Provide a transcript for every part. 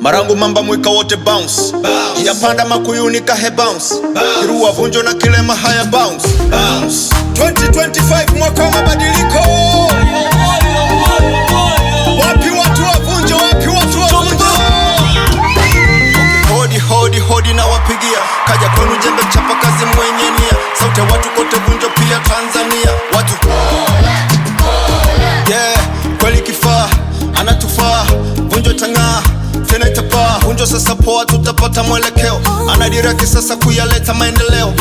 Marangu mamba mwika wote bounce, bounce. Yapanda makuyuni kahe bounce, bounce. Kiruwa vunjo na kilema haya bounce tunapoa tutapata mwelekeo, oh. anadiraki sasa kuyaleta maendeleo.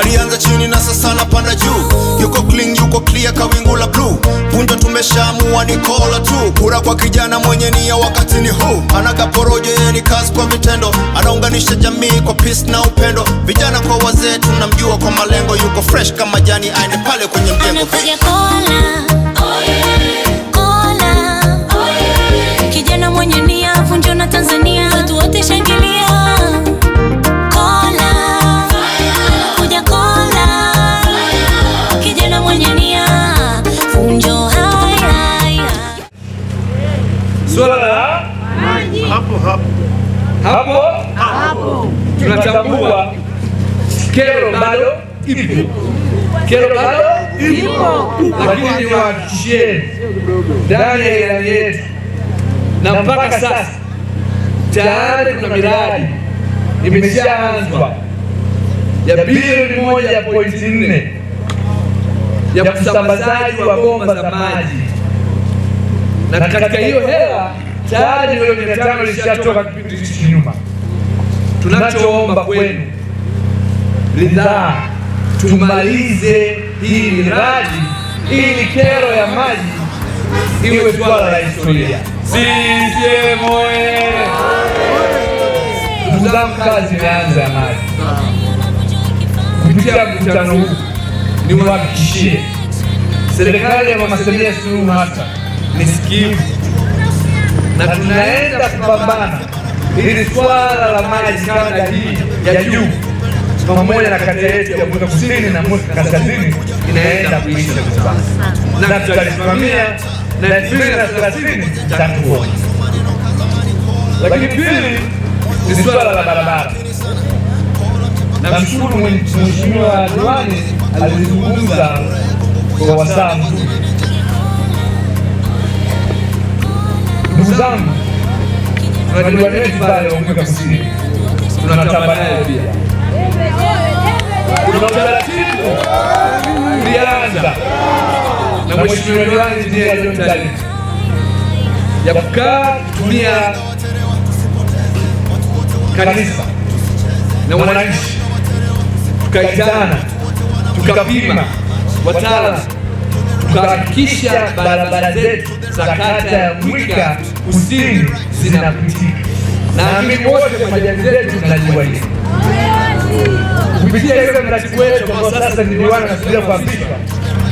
Alianza chini na sasa anapanda juu, oh. yuko clean, yuko clear, kawingu la blue. Punja tumeshaamua ni kola tu, kura kwa kijana mwenye nia wakati ni huu. Anakaporojo yeye ni kazi kwa vitendo, anaunganisha jamii kwa peace na upendo. Vijana kwa wazee tunamjua kwa malengo, yuko fresh kama jani aine pale kwenye mjengo maji. Hapo hapo hapo hapo tunatambua kero bado ipo, kero bado ipo, lakini niwahakikishie ndani ya ilani yetu na mpaka sasa tayari kuna miradi imeshaanzwa ya bilioni moja ya pointi nne ya usambazaji wa bomba za maji na katika hiyo hela tayari leo mia tano lishatoka kipindi hichi nyuma. Tunachoomba kwenu lidhaa, tumalize hii miradi ili kero ya maji iwe swala la historia. CCM oyee! Ndugu zangu, kazi imeanza ya maji. Kupitia mkutano huu niwahakikishie serikali ya Mama Samia Suluhu Hassan ni sikivu na tunaenda kupambana ili swala la maji kanda hii ya juu pamoja na kata yetu ya Mboto kusini na Mboto kaskazini inaenda kuisha sasa, na tutalisimamia na elfu mbili na thelathini takuona. Lakini pili ni swala la barabara. Namshukuru mheshimiwa diwani alizungumza kwa wasaa Ndugu zangu, tunajua nini pale Unguja Kusini, tunatamba naye pia. Kuna utaratibu ulianza na mheshimiwa diwani ndiye aliyomtaliki ya kukaa kutumia kanisa na wananchi, tukaitana tukapima wataalamu kuhakikisha barabara zetu za kata ya Mwika kusini zinapitika, na mimi wote majani zetu tunajua hili kupitia ile mratibu wetu ambao sasa ni diwani na kuapishwa,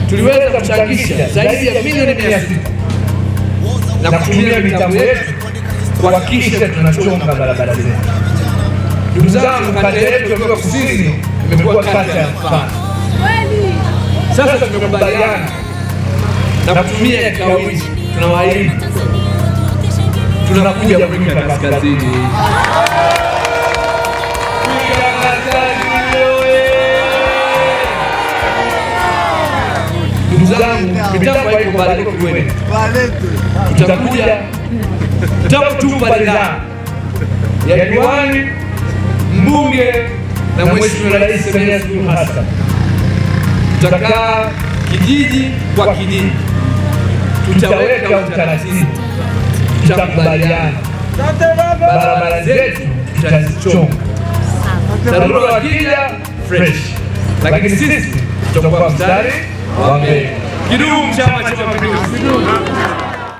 tuliweza kuchangisha zaidi ya milioni mia sita na kutumia mitambo yetu kuhakikisha tunachonga barabara zetu. Ndugu zangu, kata yetu ya Mwika kusini imekuwa kata ya mfano. Sasa tumekubaliana na kutumia kitawiki, tunawaahidi tunakuja Afrika Kaskazini. Ndugu zangu, mitambo haiko Balele kwenu, tutakuja tutakutupa ridhaa ya diwani, mbunge na Mheshimiwa Rais Samia Suluhu Hassan. Tutakaa kijiji kwa kijiji tutaweka utaratibu, tutakubaliana, barabara zetu tutazichonga. TARURA wakija fresh, lakini sisi tutakuwa mstari wa mbele. Kidumu Chama cha Mapinduzi!